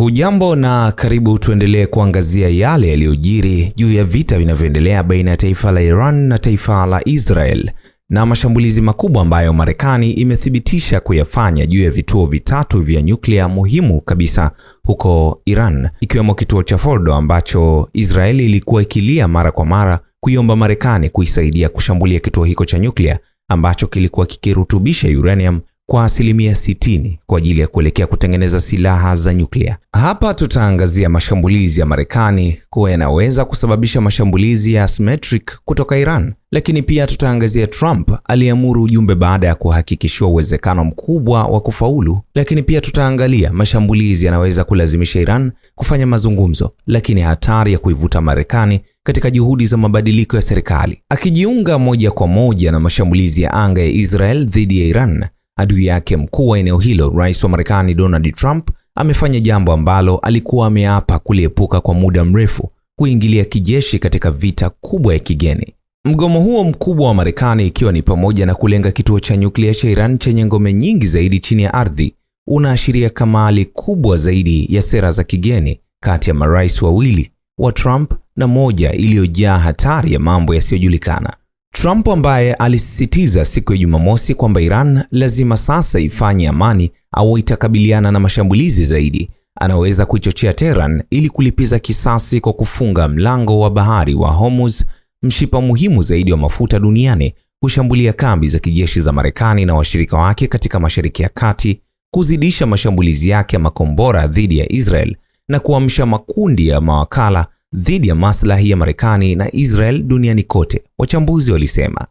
Hujambo na karibu, tuendelee kuangazia yale yaliyojiri juu ya vita vinavyoendelea baina ya taifa la Iran na taifa la Israel na mashambulizi makubwa ambayo Marekani imethibitisha kuyafanya juu ya vituo vitatu vya nyuklia muhimu kabisa huko Iran, ikiwemo kituo cha Fordo ambacho israel ilikuwa ikilia mara kwa mara kuiomba Marekani kuisaidia kushambulia kituo hicho cha nyuklia ambacho kilikuwa kikirutubisha uranium kwa asilimia 60 kwa ajili ya kuelekea kutengeneza silaha za nyuklia. Hapa tutaangazia mashambulizi ya Marekani kuwa yanaweza kusababisha mashambulizi ya asymmetric kutoka Iran, lakini pia tutaangazia Trump aliyeamuru ujumbe baada ya kuhakikishiwa uwezekano mkubwa wa kufaulu, lakini pia tutaangalia mashambulizi yanaweza kulazimisha Iran kufanya mazungumzo, lakini hatari ya kuivuta Marekani katika juhudi za mabadiliko ya serikali. Akijiunga moja kwa moja na mashambulizi ya anga ya Israel dhidi ya Iran, adui yake mkuu wa eneo hilo, rais wa Marekani Donald Trump, amefanya jambo ambalo alikuwa ameapa kuliepuka kwa muda mrefu, kuingilia kijeshi katika vita kubwa ya kigeni. Mgomo huo mkubwa wa Marekani, ikiwa ni pamoja na kulenga kituo cha nyuklia cha Iran chenye ngome nyingi zaidi chini ya ardhi, unaashiria kamali kubwa zaidi ya sera za kigeni kati ya marais wawili wa Trump na moja iliyojaa hatari ya mambo yasiyojulikana. Trump ambaye alisisitiza siku ya Jumamosi kwamba Iran lazima sasa ifanye amani au itakabiliana na mashambulizi zaidi, anaweza kuichochea Tehran ili kulipiza kisasi kwa kufunga mlango wa bahari wa Hormuz, mshipa muhimu zaidi wa mafuta duniani, kushambulia kambi za kijeshi za Marekani na washirika wake katika Mashariki ya Kati, kuzidisha mashambulizi yake ya makombora dhidi ya Israel na kuamsha makundi ya mawakala dhidi ya maslahi ya Marekani na Israel duniani kote. Wachambuzi walisema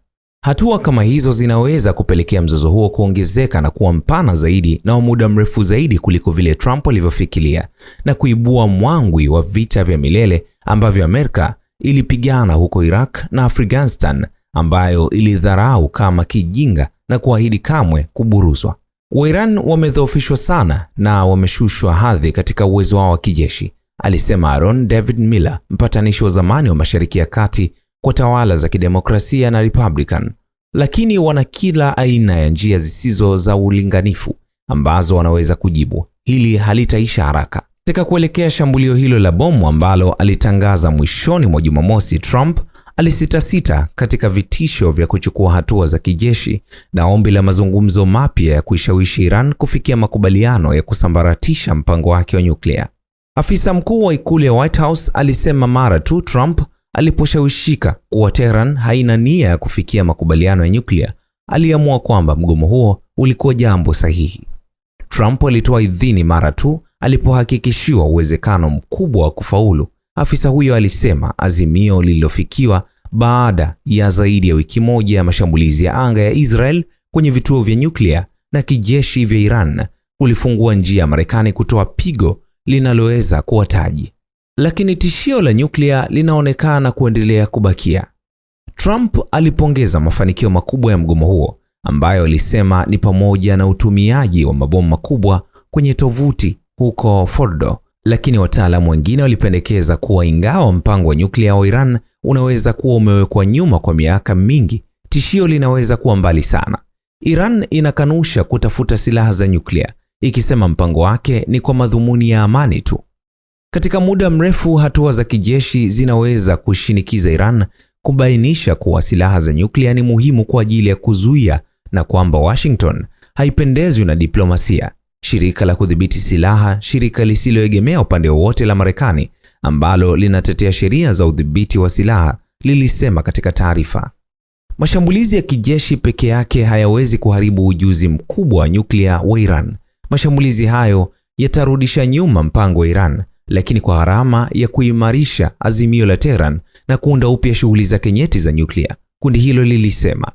hatua kama hizo zinaweza kupelekea mzozo huo kuongezeka na kuwa mpana zaidi na wa muda mrefu zaidi kuliko vile Trump alivyofikiria na kuibua mwangwi wa vita vya milele ambavyo Amerika ilipigana huko Iraq na Afghanistan ambayo ilidharau kama kijinga na kuahidi kamwe kuburuzwa. Wairan wamedhoofishwa sana na wameshushwa hadhi katika uwezo wao wa kijeshi alisema Aaron David Miller, mpatanishi wa zamani wa Mashariki ya Kati kwa tawala za kidemokrasia na Republican. Lakini wana kila aina ya njia zisizo za ulinganifu ambazo wanaweza kujibu. Hili halitaisha haraka. Katika kuelekea shambulio hilo la bomu ambalo alitangaza mwishoni mwa Jumamosi, Trump alisitasita katika vitisho vya kuchukua hatua za kijeshi na ombi la mazungumzo mapya ya kuishawishi Iran kufikia makubaliano ya kusambaratisha mpango wake wa nyuklia. Afisa mkuu wa ikulu ya White House alisema mara tu Trump aliposhawishika kuwa Tehran haina nia ya kufikia makubaliano ya nyuklia, aliamua kwamba mgomo huo ulikuwa jambo sahihi. Trump alitoa idhini mara tu alipohakikishiwa uwezekano mkubwa wa kufaulu. Afisa huyo alisema azimio lililofikiwa baada ya zaidi ya wiki moja ya mashambulizi ya anga ya Israel kwenye vituo vya nyuklia na kijeshi vya Iran kulifungua njia ya Marekani kutoa pigo linaloweza kuwa taji, lakini tishio la nyuklia linaonekana kuendelea kubakia. Trump alipongeza mafanikio makubwa ya mgomo huo ambayo alisema ni pamoja na utumiaji wa mabomu makubwa kwenye tovuti huko Fordo, lakini wataalamu wengine walipendekeza kuwa ingawa mpango wa nyuklia wa Iran unaweza kuwa umewekwa nyuma kwa miaka mingi, tishio linaweza kuwa mbali sana. Iran inakanusha kutafuta silaha za nyuklia ikisema mpango wake ni kwa madhumuni ya amani tu. Katika muda mrefu, hatua za kijeshi zinaweza kushinikiza Iran kubainisha kuwa silaha za nyuklia ni muhimu kwa ajili ya kuzuia na kwamba Washington haipendezwi na diplomasia, shirika la kudhibiti silaha, shirika lisiloegemea upande wowote la Marekani ambalo linatetea sheria za udhibiti wa silaha lilisema katika taarifa. Mashambulizi ya kijeshi peke yake hayawezi kuharibu ujuzi mkubwa wa nyuklia wa Iran, Mashambulizi hayo yatarudisha nyuma mpango wa Iran, lakini kwa gharama ya kuimarisha azimio la Tehran na kuunda upya shughuli zake nyeti za nyuklia, kundi hilo lilisema.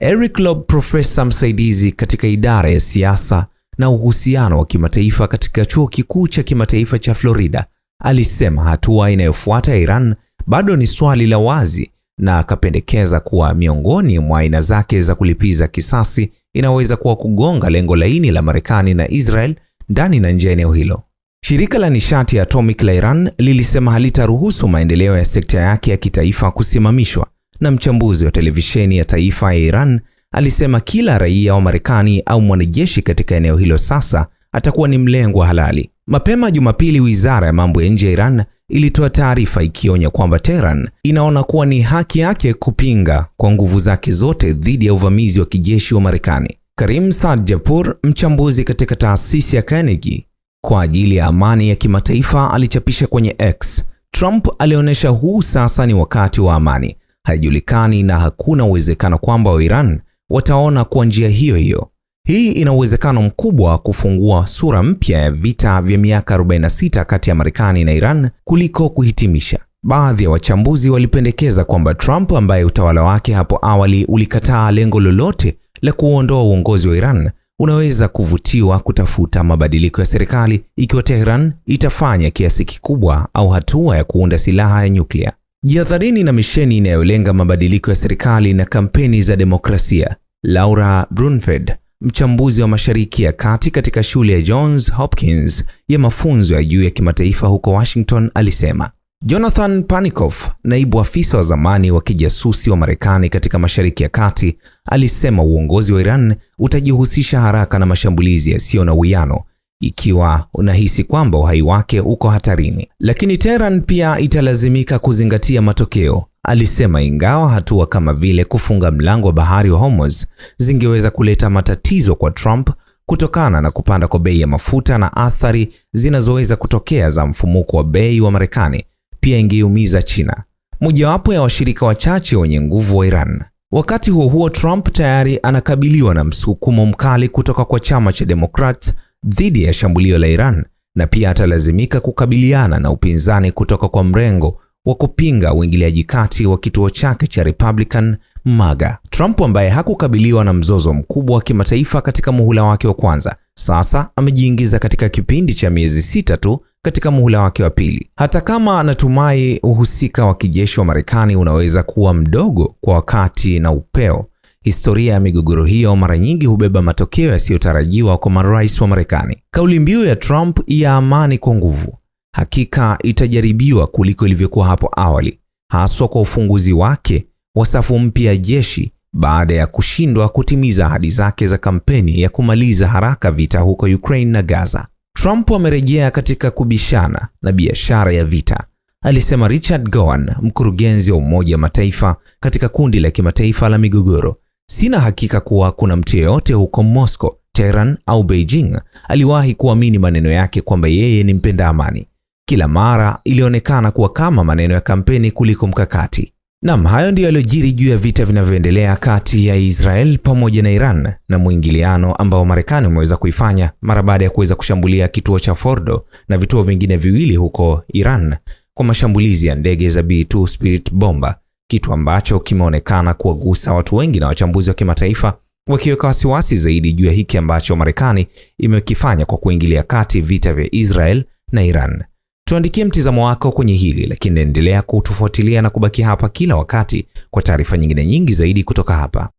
Eric Lob, profesa msaidizi katika idara ya siasa na uhusiano wa kimataifa katika Chuo Kikuu cha Kimataifa cha Florida, alisema hatua inayofuata ya Iran bado ni swali la wazi na akapendekeza kuwa miongoni mwa aina zake za kulipiza kisasi inaweza kuwa kugonga lengo laini la Marekani na Israel ndani na nje ya eneo hilo. Shirika la nishati ya atomic la Iran lilisema halitaruhusu maendeleo ya sekta yake ya kitaifa kusimamishwa, na mchambuzi wa televisheni ya taifa ya Iran alisema kila raia wa Marekani au mwanajeshi katika eneo hilo sasa atakuwa ni mlengwa halali. Mapema Jumapili, wizara ya mambo ya nje ya Iran ilitoa taarifa ikionya kwamba Tehran inaona kuwa ni haki yake kupinga kwa nguvu zake zote dhidi ya uvamizi wa kijeshi wa Marekani. Karim Japur, mchambuzi katika taasisi ya Carnegie kwa ajili ya amani ya kimataifa, alichapisha kwenye X, Trump alionyesha huu sasa ni wakati wa amani. Haijulikani na hakuna uwezekano kwamba Wairan wataona kwa njia hiyo hiyo. Hii ina uwezekano mkubwa kufungua sura mpya ya vita vya miaka 46 kati ya Marekani na Iran kuliko kuhitimisha. Baadhi ya wachambuzi walipendekeza kwamba Trump ambaye utawala wake hapo awali ulikataa lengo lolote la kuondoa uongozi wa Iran unaweza kuvutiwa kutafuta mabadiliko ya serikali ikiwa Tehran itafanya kiasi kikubwa au hatua ya kuunda silaha ya nyuklia. Jihadharini na misheni inayolenga mabadiliko ya serikali na kampeni za demokrasia. Laura Brunfeld mchambuzi wa Mashariki ya Kati katika shule ya Johns Hopkins ya mafunzo ya juu ya kimataifa huko Washington alisema Jonathan Panikoff, naibu afisa wa zamani wa kijasusi wa Marekani katika Mashariki ya Kati, alisema uongozi wa Iran utajihusisha haraka na mashambulizi yasiyo na uwiano ikiwa unahisi kwamba uhai wake uko hatarini. Lakini Tehran pia italazimika kuzingatia matokeo, alisema. Ingawa hatua kama vile kufunga mlango wa bahari wa Hormuz zingeweza kuleta matatizo kwa Trump kutokana na kupanda kwa bei ya mafuta na athari zinazoweza kutokea za mfumuko wa bei wa Marekani, pia ingeiumiza China, mojawapo ya washirika wachache wenye nguvu wa Iran. Wakati huo huo, Trump tayari anakabiliwa na msukumo mkali kutoka kwa chama cha Democrats dhidi ya shambulio la Iran na pia atalazimika kukabiliana na upinzani kutoka kwa mrengo wa kupinga uingiliaji kati wa kituo chake cha Republican MAGA. Trump ambaye hakukabiliwa na mzozo mkubwa wa kimataifa katika muhula wake wa kwanza, sasa amejiingiza katika kipindi cha miezi sita tu katika muhula wake wa pili. Hata kama anatumai uhusika wa kijeshi wa Marekani unaweza kuwa mdogo kwa wakati na upeo Historia ya migogoro hiyo mara nyingi hubeba matokeo yasiyotarajiwa kwa marais wa Marekani. Kauli mbiu ya Trump ya amani kwa nguvu hakika itajaribiwa kuliko ilivyokuwa hapo awali, haswa kwa ufunguzi wake wa safu mpya ya jeshi baada ya kushindwa kutimiza ahadi zake za kampeni ya kumaliza haraka vita huko Ukraine na Gaza. Trump amerejea katika kubishana na biashara ya vita, alisema Richard Gowan, mkurugenzi wa Umoja wa Mataifa katika kundi la kimataifa la migogoro. Sina hakika kuwa kuna mtu yeyote huko Moscow, Tehran au Beijing aliwahi kuamini maneno yake kwamba yeye ni mpenda amani. Kila mara ilionekana kuwa kama maneno ya kampeni kuliko mkakati. Naam, hayo ndiyo yaliyojiri juu ya vita vinavyoendelea kati ya Israel pamoja na Iran na mwingiliano ambao Marekani umeweza kuifanya mara baada ya kuweza kushambulia kituo cha Fordo na vituo vingine viwili huko Iran kwa mashambulizi ya ndege za B2 Spirit bomba kitu ambacho kimeonekana kuwagusa watu wengi na wachambuzi wa kimataifa wakiweka wasiwasi zaidi juu ya hiki ambacho Marekani imekifanya kwa kuingilia kati vita vya Israel na Iran. Tuandikie mtizamo wako kwenye hili, lakini endelea kutufuatilia na kubaki hapa kila wakati kwa taarifa nyingine nyingi zaidi kutoka hapa.